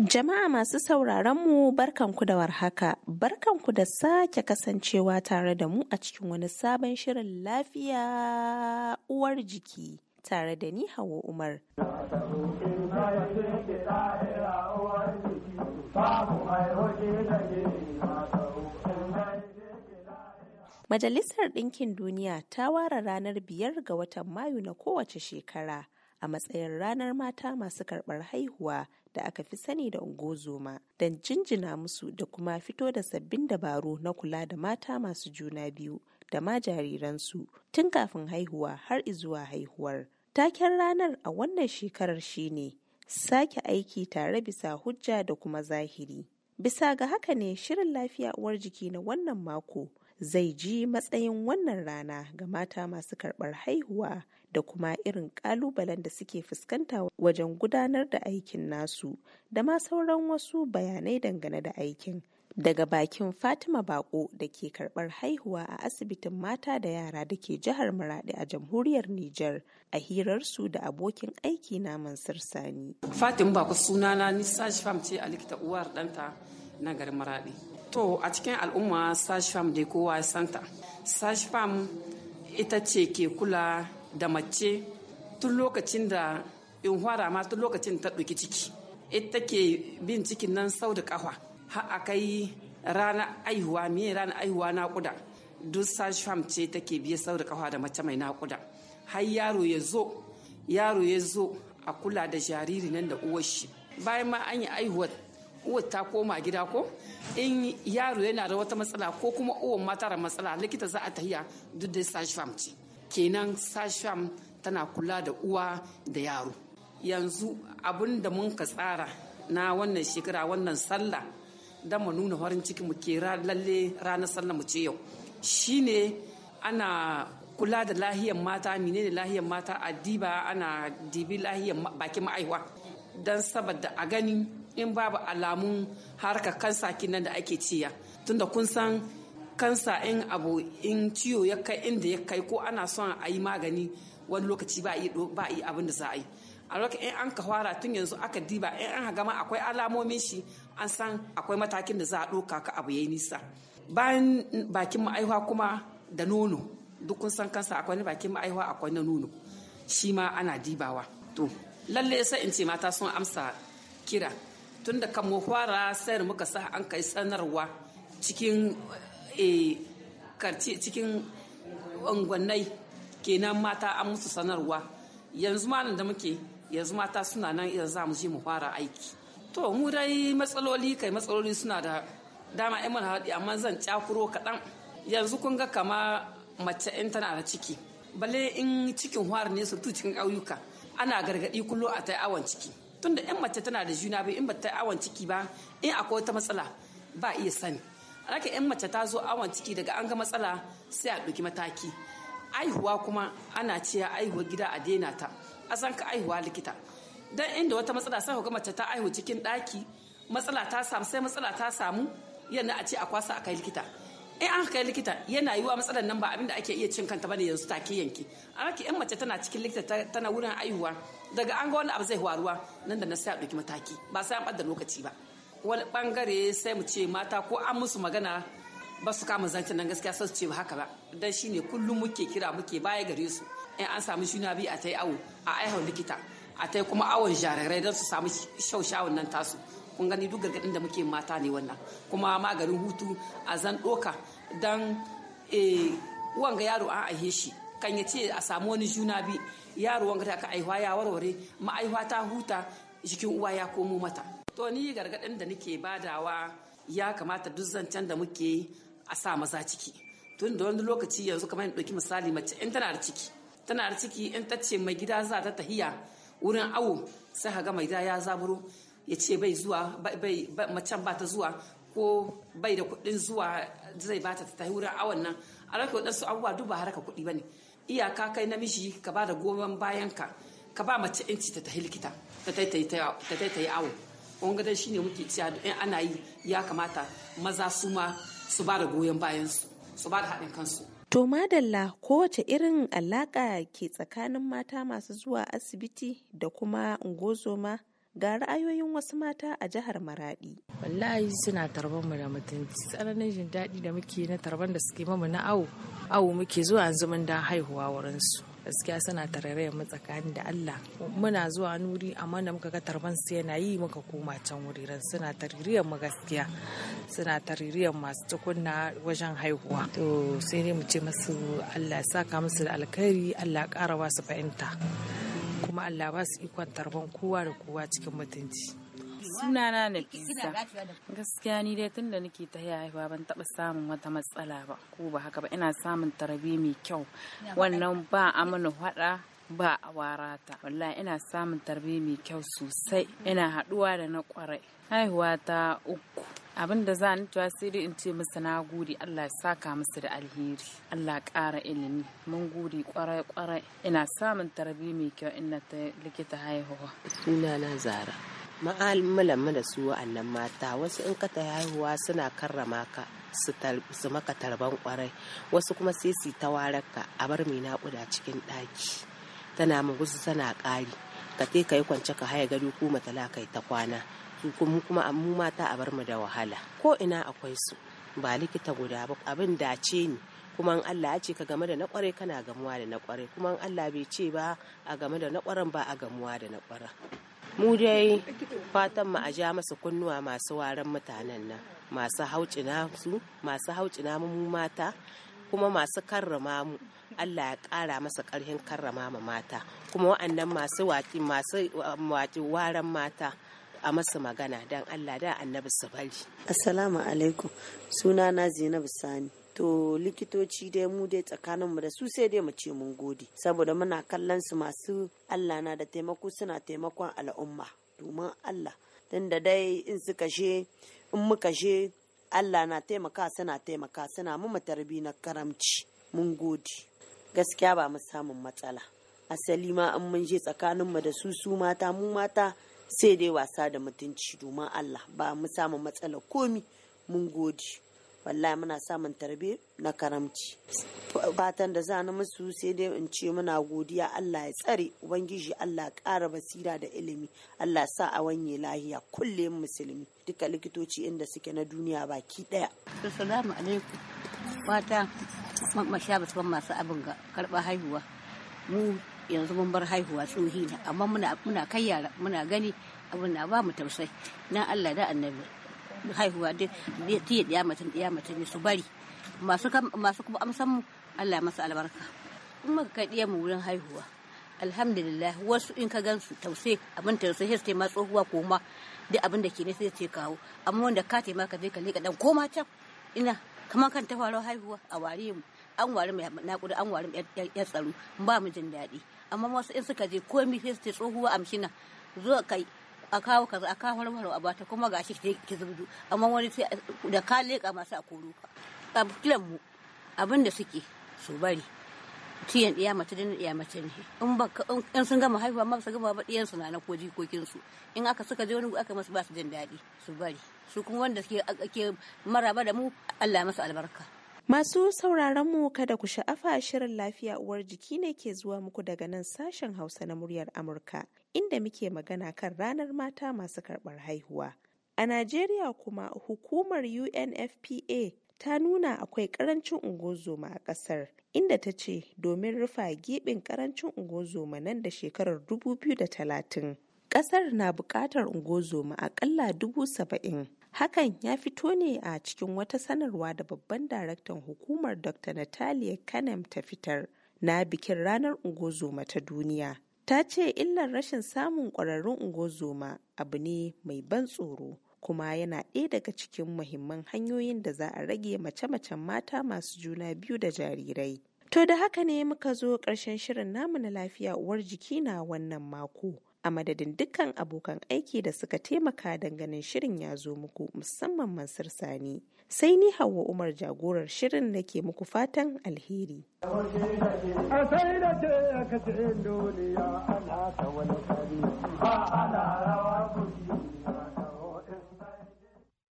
Jama'a masu sauraron sauraronmu barkanku da warhaka, ku da sake kasancewa tare da mu a cikin wani sabon shirin lafiya uwar jiki tare da ni Hawa Umar. Majalisar Ɗinkin Duniya ta ware ranar biyar ga watan Mayu na kowace shekara. a matsayin ranar mata masu karɓar haihuwa da aka fi sani da ungozoma don jinjina musu da kuma fito da sabbin dabaru na kula da mata masu juna biyu da ma jariransu tun kafin haihuwa har izuwa haihuwar. Taken ranar a wannan shekarar shine sake aiki tare bisa hujja da kuma zahiri. Bisa ga haka ne shirin lafiya uwar jiki na wannan mako zai ji matsayin wannan rana ga mata masu karɓar haihuwa da kuma irin kalubalen da suke fuskanta wajen gudanar da aikin nasu da ma sauran wasu bayanai dangane da aikin. Daga bakin Fatima Bako da ke karbar haihuwa a asibitin mata da yara da ke jihar Maradi a jamhuriyar Nijar a hirarsu da abokin aiki na Mansur Sani. Fatima Bako sunana ni Sashi Fam ce a likita uwar danta na garin Maraɗi. To a cikin al'umma Sashi Fam dai kowa ya santa. Sashi ita ce ke kula da mace tun lokacin da in fara ma tun lokacin ta ɗauki ciki ita ke bin cikin nan sau da ƙafa har a kai rana aihuwa miye rana aihuwa naƙuda duk fam ce take biye sau da ƙafa da mace mai naƙuda har yaro ya zo yaro ya zo a kula da jariri nan da uwar shi bayan ma an yi aihuwar uwar ta koma gida ko in yaro yana da wata matsala ko kuma uwar ma tara matsala likita za a tahiya duk da fam ce kenan sasham tana kula da uwa da yaro yanzu abin da mun ka tsara na wannan shekara wannan sallah don mu nuna warin ciki mu ke lalle ranar sallah mu ce yau shine ana kula da lahiyar mata menene lahiyar mata a diba ana dibi lahiyar bakin ma'aiwa don saboda a gani in babu alamun harkar kansa nan da ake ciya tunda kun san kansa in abu in ciwo ya kai inda ya kai ko ana son a yi magani wani lokaci ba a yi abin da za a yi a lokacin in an ka fara tun yanzu aka diba in an gama akwai alamomin shi an san akwai matakin da za a doka ka abu ya yi nisa bayan bakin ma'aihuwa kuma da nono duk kun san kansa akwai na bakin ma'aihuwa akwai na nono shi ma ana dibawa to lalle sai in ce mata sun amsa kira tunda da kan mu fara sayar muka sa an kai sanarwa cikin Eh, cikin unguwannai kenan mata an musu sanarwa yanzu malam da muke yanzu mata suna nan idan za mu je mu fara aiki to mu dai matsaloli kai matsaloli suna da dama yan mana haɗi amma zan cakuro kaɗan yanzu kun ga kama mace in tana da ciki balle in cikin hwar ne su tu cikin ƙauyuka ana gargaɗi kullo a ta awon ciki tunda yan mace tana da juna bai in ba ta awon ciki ba in akwai wata matsala ba iya sani haka yan mace ta zo awon ciki daga an ga matsala sai a ɗauki mataki aihuwa kuma ana cewa aihuwa gida a daina ta a san ka aihuwa likita dan inda wata matsala sai ga mace ta aihu cikin ɗaki matsala ta samu sai matsala ta samu yana a ce a kwasa a kai likita in an kai likita yana yiwuwa matsalar nan ba abin da ake iya cin kanta bane yanzu take yanke amma ki in mace tana cikin likita tana wurin aihuwa daga an ga wani abu zai faruwa nan da na sai a ɗauki mataki ba sai an ɓadda lokaci ba wani bangare sai mu ce mata ko an musu magana ba su kama zancen nan gaskiya sai su ce haka ba dan shine kullum muke kira muke baya gare su in an samu juna biyu a tai awo a aihau likita a tai kuma awon jarirai don su samu shaushawan nan tasu kun gani duk gargadin da muke mata ne wannan kuma maganin hutu a zan doka dan eh, wanga yaro an aihe shi kan ya ce a samu wani juna bi yaro wanga ta aka aihuwa ya warware ma'aihuwa ta huta jikin uwa ya komo mata to ni gargaɗin da nake badawa ya kamata duk zancen da muke a sa maza ciki tun da wani lokaci yanzu kamar in ɗauki misali mace in tana da ciki tana da ciki in ta ce mai gida za ta tahiya wurin awo sai ka ga mai gida ya zaburo ya ce bai zuwa bai macen ba ta zuwa ko bai da kuɗin zuwa zai bata ta tahi wurin awon nan a rake waɗansu abubuwa duk ba haraka kuɗi ba ne iyaka kai namiji ka ba da goyon bayan ka ka ba mace inci ta tahi likita ta yi awo wanga shi ne muke cewa in ana yi ya kamata maza su ma su ba da goyon bayan su su ba da haɗin kansu To madalla kowace irin alaƙa ke tsakanin mata masu zuwa asibiti da kuma ungozoma ga ra'ayoyin wasu mata a jihar maraɗi. Wallahi suna tarban mu da mutunci tsananin jin daɗi da muke na tarban da suke mamu na awo. Awo muke zuwa yanzu mun dan haihuwa wurin gaskiya suna tarare mu tsakanin da Allah muna zuwa nuri amma da muka ga tarban su yana yi muka koma can wuriren suna taririyar mu gaskiya suna taririyar masu tukunna wajen haihuwa to sai dai mu ce musu Allah ya saka musu da alkhairi Allah ƙara ƙara su fahimta kuma Allah ba su ikon tarban kowa da kowa cikin mutunci sunana na fisa gaskiya ni dai tunda nake ta haihuwa ban taba samun wata matsala ba ko ba haka ba ina samun tarabi mai kyau wannan ba amana hada ba a warata wallahi ina samun tarbi mai kyau sosai ina haduwa da na kwarai haihuwa ta uku abin da za a tuwa sai dai in ce musu na gode Allah ya saka musu da alheri Allah kara ilimi mun gode kwarai kwarai ina samun tarbi mai kyau ina ta likita haihuwa suna na zara ma'amalanmu da su wa'annan mata wasu in ka ta haihuwa suna karrama ka su maka tarban kwarai wasu kuma sai su ta ka a bar mai naƙuda cikin ɗaki tana gusu tana ƙari ka te ka yi kwance ka haya gado ko matala kai ta kwana kuma mu mata a bar mu da wahala ko ina akwai su ba likita guda ba abin dace ni kuma in Allah ya ce ka game da na kwarai kana gamuwa da na kwarai kuma in Allah bai ce ba a game da na kwaran ba a gamuwa da na kwaran mu dai fatan mu a ja masa kunnuwa masu waran mutanen nan masu haucina su masu haucina mu mata kuma masu karrama mu Allah ya ƙara masa ƙarfin karrama ma mata kuma wa'annan masu waƙi masu waƙi waran mata a masa magana dan Allah da annabi su bari. Assalamu alaikum sunana zainab Sani. to likitoci dai mu dai tsakaninmu da su sai dai mu ce mun gode saboda muna kallon su masu allah na da taimako suna taimakon al'umma domin allah tunda dai in su kashe in mu kashe allah na taimaka suna taimaka suna mu tarbi na karamci mun gode gaskiya ba mu samun matsala asali ma an mun je tsakaninmu da su su mata mu mata sai dai wasa da mutunci domin allah ba mu samun matsala komi mun gode wallahi muna samun tarbe na karamci fatan da za na musu sai dai in ce muna godiya Allah ya tsare ubangiji Allah ƙara basira da ilimi Allah sa a wanye lahiya kulle musulmi duka likitoci inda suke na duniya baki daya assalamu alaikum mata masha basu masu abin ga karba haihuwa mu yanzu mun bar haihuwa tsohi amma muna muna kai yara muna gani abin na ba mu tausai na Allah da annabi haihuwa dai tiya diya mutum diya mutum su bari masu masu kuma amsan mu Allah masa albarka in muka kai diya mu wurin haihuwa alhamdulillah wasu in ka gansu tausai abin ta sai sai ma tsohuwa ko ma duk abin da ke ne sai ce kawo amma wanda ka taimaka je ka leka dan koma can ina kama kan ta faro haihuwa a ware mu an mu na nakuda an mu yar tsaro ba mu jin daɗi amma wasu in suka je komai sai su tsohuwa amshina zo kai a kawo kaza a kawo warwaro a bata kuma ga shi ki zubdu amma wani sai da ka leka masu a koro ka a mu abin suke su bari tiyan ɗiya mace da ɗiya mace ne in ba in sun gama haihuwa ma su gama ba ɗiyan su na na ko jikokin su in aka suka je wani aka masu ba su jin daɗi su bari su kuma wanda suke ke maraba da mu Allah masu albarka Masu sauraron mu kada ku sha'afa shirin lafiya uwar jiki ne ke zuwa muku daga nan sashen Hausa na muryar Amurka inda muke magana kan ranar mata masu karɓar haihuwa. A Najeriya kuma hukumar UNFPA ta nuna akwai ƙarancin ungozoma a ƙasar, inda ta ce domin rufa gibin ƙarancin ungozoma nan da shekarar 2030. Ƙasar na buƙatar ungozoma aƙalla dubu saba'in. Hakan ya fito ne a cikin wata sanarwa da babban daraktan hukumar Dr. Natalia Kanem ta fitar na bikin ranar ungozoma ta duniya. ta ce illar rashin samun ƙwararrun ungozoma abu ne mai ban tsoro kuma yana ɗaya daga cikin muhimman hanyoyin da za a rage mace-macen mata masu juna biyu da jarirai. To da haka ne muka zo ƙarshen shirin namu na lafiya uwar jiki na wannan mako. a madadin dukkan abokan aiki da suka taimaka ganin shirin ya zo muku musamman Mansur Sani. Sai ni Hauwa Umar jagorar shirin nake muku fatan alheri.